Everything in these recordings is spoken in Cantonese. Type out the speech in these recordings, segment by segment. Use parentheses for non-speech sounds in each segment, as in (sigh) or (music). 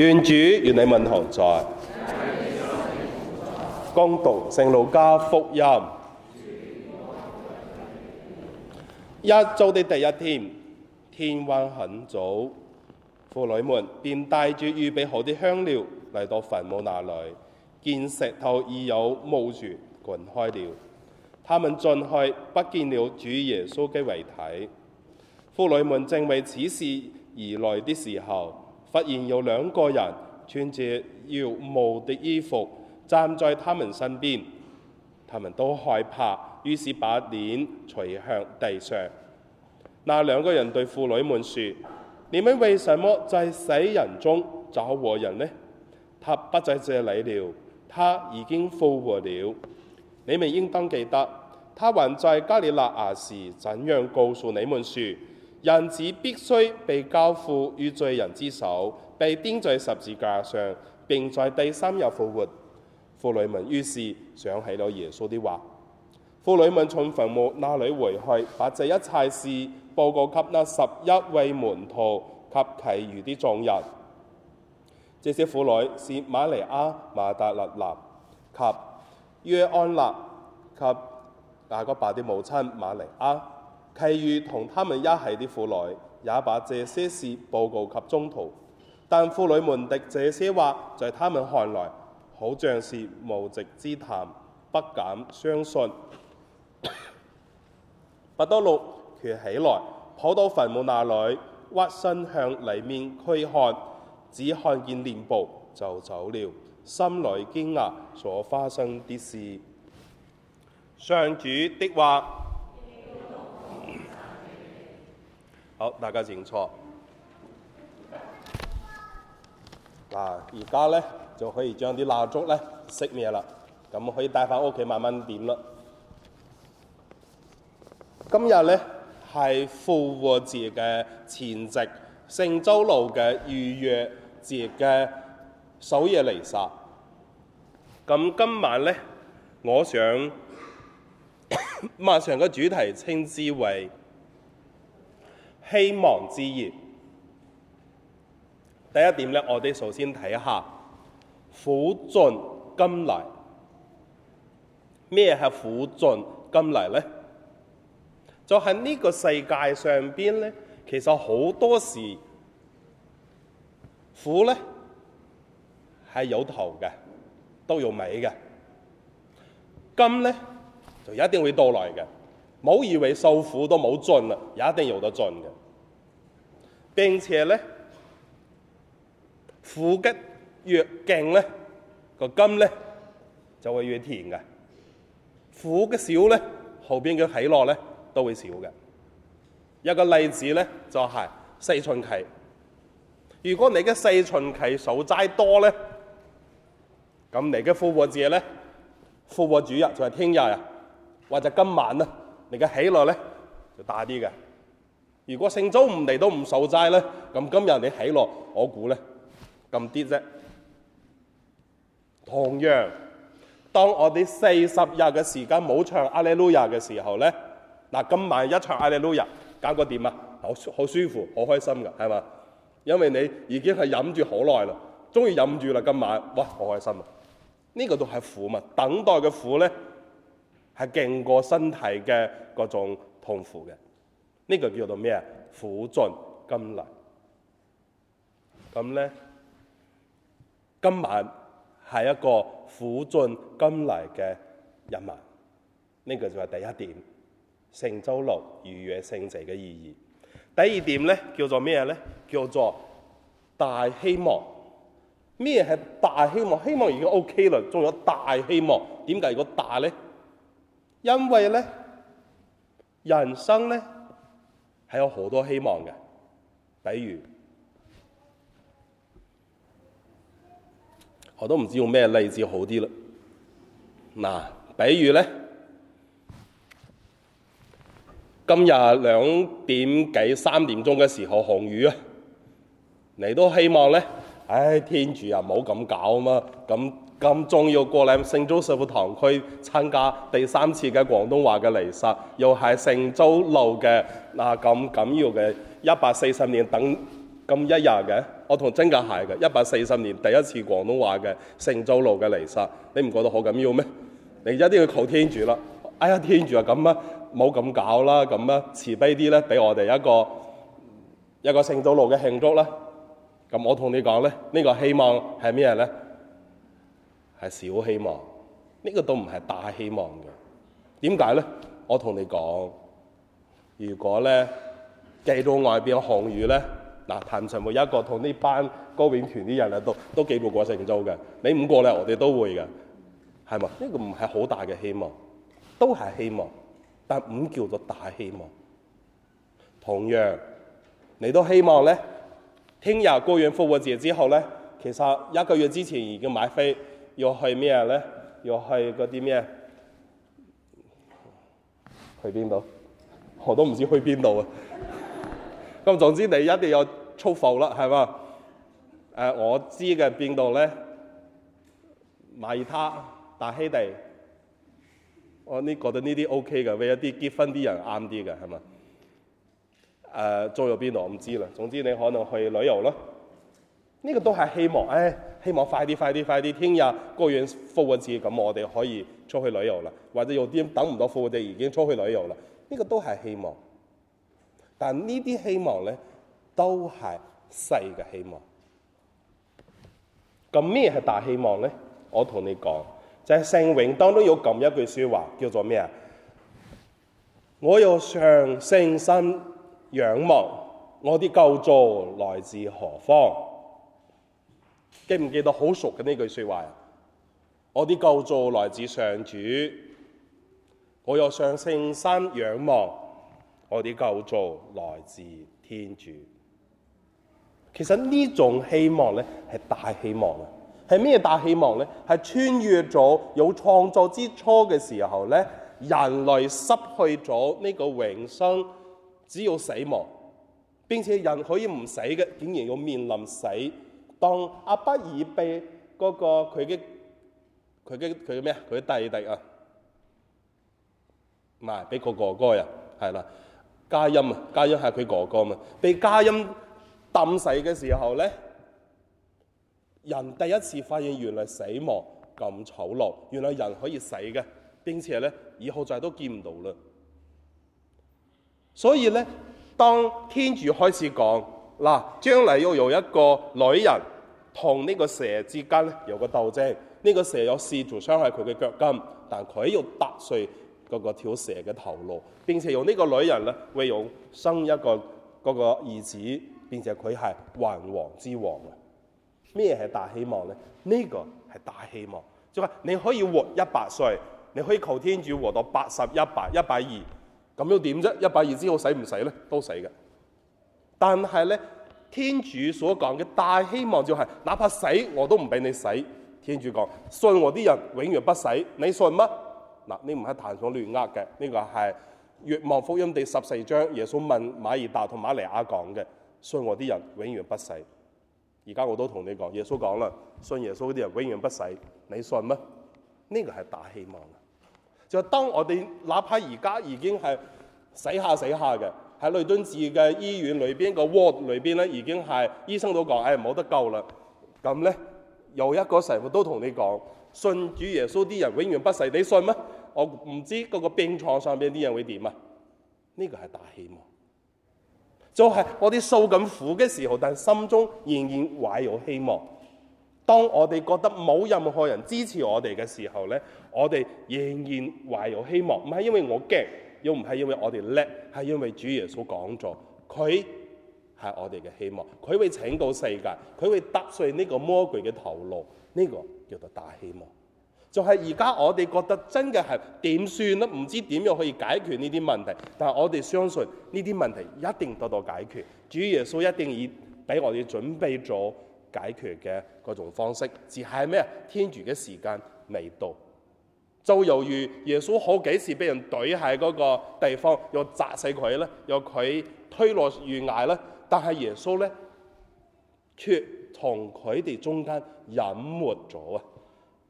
願主與你們同在？恭讀聖路加福音，一周的第一天，天還很早，婦女們便帶住預備好啲香料嚟到墳墓那裏，見石頭已從墓穴滾開了，他們進去，不見了主耶穌嘅遺體。婦女們正為此事而來的時候。發現有兩個人穿著耀霧的衣服站在他們身邊，他們都害怕，於是把臉垂向地上。那兩個人對婦女們説：你們為什麼在死人中找活人呢？他不在這裡了，他已經復活了。你們應當記得，他還在加里肋亞時怎樣告訴你們説。人子必須被交付於罪人之手，被釘在十字架上，並在第三日復活。婦女們於是想起了耶穌的話。婦女們從墳墓那裏回去，把這一切事報告給那十一位門徒及其餘的眾人。這些婦女是瑪利亞、馬達勒納及約安納及雅各伯的母親瑪利亞。譬如同他們一起的婦女也把這些事報告給中途，但婦女們的這些話在他們看來好像是無稽之談，不敢相信。法多禄起起來，跑到墳墓那裏，屈身向裏面去看，只看見臉部，就走了，心裏驚訝所發生的事。上主的話。好，大家請坐。嗱、啊，而家呢，就可以將啲蠟燭呢熄滅啦，咁可以帶返屋企慢慢點啦。今日呢，係復活節嘅前夕，聖週六嘅逾越節嘅守夜嚟曬。咁今晚呢，我想晚 (coughs) 上嘅主題稱之為。希望之夜。第一點呢，我哋首先睇下苦盡甘來。咩係苦盡甘來咧？就喺呢個世界上邊咧，其實好多時苦咧係有頭嘅，都有尾嘅。甘咧就一定會到來嘅。冇以為受苦都冇盡啦，也一定有得盡嘅。並且咧，苦嘅越勁咧，個甘咧就會越甜嘅。苦嘅少咧，後邊嘅喜樂咧都會少嘅。一個例子咧就係、是、四旬期。如果你嘅四旬期守齋多咧，咁你嘅復活節咧，復活主日就係聽日啊，或者今晚啦。你嘅喜樂咧就大啲嘅。如果聖週唔嚟都唔受齋咧，咁今日你喜樂，我估咧咁啲啫。同樣，當我哋四十日嘅時間冇唱阿利路亞嘅時候咧，嗱今晚一唱阿利路亞，感覺點啊？好好舒服，好開心㗎，係嘛？因為你已經係忍住好耐啦，終於忍住啦，今晚哇，好開心啊！呢個都係苦嘛，等待嘅苦咧。係勁過身體嘅嗰種痛苦嘅，呢個叫做咩啊？苦盡甘嚟。咁咧，今晚係一個苦盡甘嚟嘅任務。呢個就係第一點，聖週六逾越聖者嘅意義。第二點咧叫做咩咧？叫做大希望。咩係大希望？希望已經 OK 啦，仲有大希望。點解如果大咧？因為呢，人生呢係有好多希望嘅，比如我都唔知用咩例子好啲啦。嗱，比如呢，今日兩點幾三點鐘嘅時候，紅雨啊，你都希望呢，唉、哎、天主啊，唔好咁搞啊嘛，咁、嗯。咁重要過嚟聖祖社福堂區參加第三次嘅廣東話嘅彌撒，又係聖周六嘅。嗱，咁緊要嘅一百四十年等咁一日嘅，我同真格係嘅一百四十年第一次廣東話嘅聖周六嘅彌撒，你唔覺得好緊要咩？你一定要求天主啦，哎呀天主啊咁啊，冇咁搞啦咁啊，慈悲啲咧，俾我哋一個一個聖周六嘅慶祝啦。咁我同你講咧，呢、呢個希望係咩咧？係小希望，呢個都唔係大希望嘅。點解咧？我同你講，如果咧寄到外邊韓語咧，嗱，台上每一個同呢班歌詠團啲人啊，都都幾無過剩做嘅。你五個咧，我哋都會嘅，係嘛？呢個唔係好大嘅希望，都係希望，但唔叫做大希望。同樣，你都希望咧，聽日過完復活節之後咧，其實一個月之前已經買飛。要去咩咧？要去嗰啲咩？去邊度？我都唔知去邊度啊！咁總之你一定要出埠啦，係嘛？誒、呃，我知嘅邊度咧，馬爾他大溪地。我呢覺得呢啲 OK 嘅，為一啲結婚啲人啱啲嘅，係嘛？誒，仲有邊度我唔知啦。總之你可能去旅遊咯。呢、呢個都係希望誒。希望快啲、快啲、快啲！聽日過完復活節，咁我哋可以出去旅遊啦，或者有啲等唔到復活節，我哋已經出去旅遊啦。呢、這個都係希望，但呢啲希望咧都係細嘅希望。咁咩係大希望咧？我同你講，就係、是、聖經當中有咁一句說話，叫做咩啊？我又常誠心仰望，我啲救助來自何方？記唔記得好熟嘅呢句說話啊？我啲救助來自上主，我有上聖山仰望，我啲救助來自天主。其實呢種希望咧係大希望啊！係咩大希望咧？係穿越咗有創造之初嘅時候咧，人類失去咗呢個永生，只有死亡，並且人可以唔死嘅，竟然要面臨死。當阿不爾被嗰個佢嘅佢嘅佢咩啊，佢弟弟啊，唔係，俾個哥哥啊，係啦，嘉音啊，嘉音係佢哥哥啊嘛，被嘉音抌死嘅時候咧，人第一次發現原來死亡咁醜陋，原來人可以死嘅，並且咧以後再都見唔到啦。所以咧，當天主開始講。嗱，將嚟要有一個女人同呢個蛇之間咧有個鬥爭，呢、這個蛇有試圖傷害佢嘅腳筋，但佢要踏碎嗰個條蛇嘅頭腦，並且用呢個女人咧會用生一個嗰、那個兒子，並且佢係王王之王嘅。咩係大希望咧？呢、這個係大希望，即係話你可以活一百歲，你可以求天主活到八十、一百、一百二，咁又點啫？一百二之後死唔死咧？都死嘅。但係咧，天主所講嘅大希望就係，哪怕死我都唔俾你死。天主講，信我啲人永遠不死，你信乜？嗱，你唔係談所亂呃嘅，呢個係《若望福音》第十四章，耶穌問馬爾達同瑪利亞講嘅。信我啲人永遠不死。而家我都同你講，耶穌講啦，信耶穌啲人永遠不死，你信乜？呢個係大希望啊！就當我哋哪怕而家已經係死下死下嘅。喺倫敦治嘅醫院裏邊，那個臥裏邊咧，已經係醫生都講，唉、哎、冇得救啦。咁咧，有一個神父都同你講，信主耶穌啲人永遠不死，你信咩？我唔知嗰個病床上邊啲人會點啊？呢個係大希望，就係、是、我哋受緊苦嘅時候，但心中仍然懷有希望。當我哋覺得冇任何人支持我哋嘅時候咧，我哋仍然懷有希望。唔係因為我驚。又唔係因為我哋叻，係因為主耶穌講咗，佢係我哋嘅希望，佢會拯救世界，佢會打碎呢個魔鬼嘅頭腦，呢、這個叫做大希望。就係而家我哋覺得真嘅係點算都唔知點樣可以解決呢啲問題，但係我哋相信呢啲問題一定得到解決，主耶穌一定已俾我哋準備咗解決嘅嗰種方式，只係咩天主嘅時間未到。就猶如，耶穌好幾次畀人懟喺嗰個地方，又砸死佢咧，又佢推落懸崖咧。但係耶穌咧，卻從佢哋中間隱沒咗啊！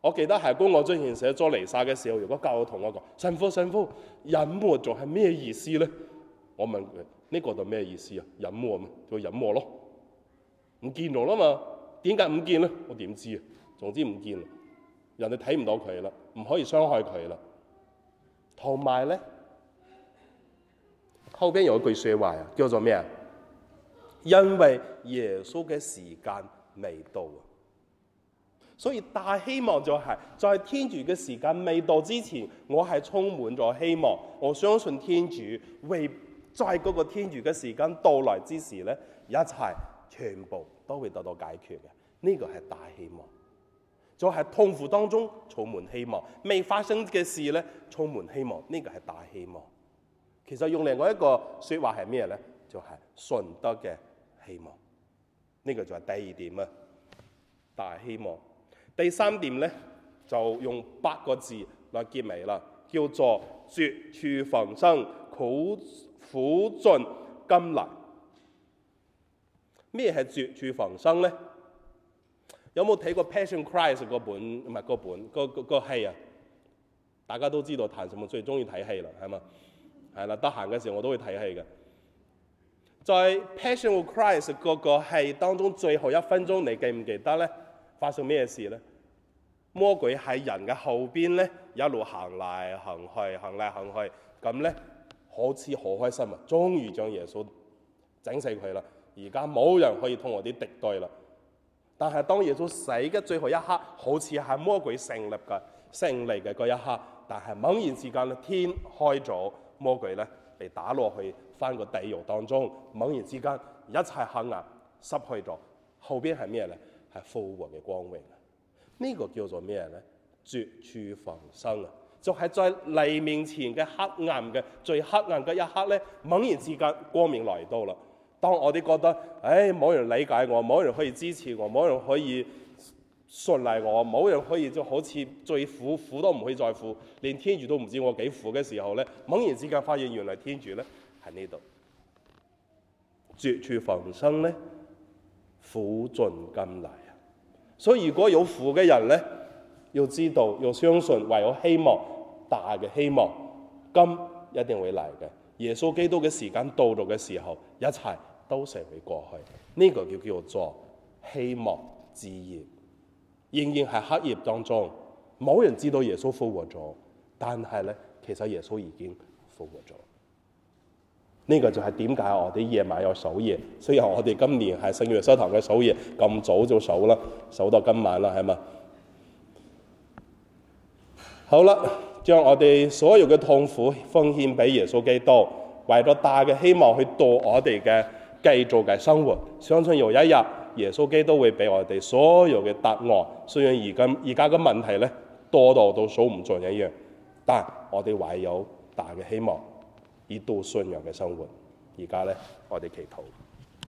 我記得喺《公我》出現》寫咗尼撒嘅時候，如果教我同我講：，神父，神父，隱沒咗係咩意思咧？我問佢：呢、這個就咩意思啊？隱沒叫隱沒咯，唔見咗啦嘛？點解唔見咧？我點知啊？總之唔見，人哋睇唔到佢啦。唔可以傷害佢啦。同埋咧，後邊有一句説話啊，叫做咩啊？因為耶穌嘅時間未到，所以大希望就係在天主嘅時間未到之前，我係充滿咗希望。我相信天主會在嗰個天主嘅時間到來之時咧，一切全部都會得到解決嘅。呢個係大希望。就係痛苦當中充滿希望，未發生嘅事咧充滿希望，呢、這個係大希望。其實用另外一個説話係咩咧？就係、是、信德」嘅希望。呢、這個就係第二點啊，大希望。第三點咧就用八個字來結尾啦，叫做絕處逢生，苦苦盡甘來。咩係絕處逢生咧？有冇睇過《Passion Christ》個本唔係個本個個個戲啊？大家都知道，譚什麼最中意睇戲啦，係嘛？係啦，得閒嘅時候我都會睇戲嘅。在《Passion of Christ》個個戲當中，最後一分鐘你記唔記得咧？發生咩事咧？魔鬼喺人嘅後邊咧，一路行嚟行去，行嚟行去，咁咧好似好開心啊！終於將耶穌整死佢啦！而家冇人可以同我啲敵對啦。但係當耶穌死嘅最後一刻，好似係魔鬼勝利嘅勝利嘅嗰一刻，但係猛然之間咧，天開咗，魔鬼咧被打落去翻個地獄當中，猛然之間一切黑暗失去咗，後邊係咩咧？係復活嘅光榮啊！呢、這個叫做咩咧？絕處逢生啊！就係、是、在黎明前嘅黑暗嘅最黑暗嘅一刻咧，猛然之間光明來到喇。當我哋覺得，唉、哎，冇人理解我，冇人可以支持我，冇人可以信賴我，冇人可以就好似最苦苦都唔可以再苦，連天主都唔知我幾苦嘅時候咧，猛然之間發現原嚟天主咧喺呢度，絕處逢生咧，苦盡甘來。啊！所以如果有苦嘅人咧，要知道要相信，唯有希望大嘅希望，甘一定會嚟嘅。耶穌基督嘅時間到到嘅時候，一齊。都成為過去，呢、這個叫叫做希望之夜。仍然係黑夜當中，冇人知道耶穌復活咗，但係咧，其實耶穌已經復活咗。呢、這個就係點解我哋夜晚有守夜，雖然我哋今年係聖約瑟堂嘅守夜，咁早就守啦，守到今晚啦，係嘛？好啦，將我哋所有嘅痛苦奉獻俾耶穌基督，為咗大嘅希望去度我哋嘅，繼續嘅生活，相信有一日耶穌基督都會俾我哋所有嘅答案。雖然而今而家嘅問題咧多到都數唔盡一樣，但我哋懷有大嘅希望以度信仰嘅生活。而家咧，我哋祈禱。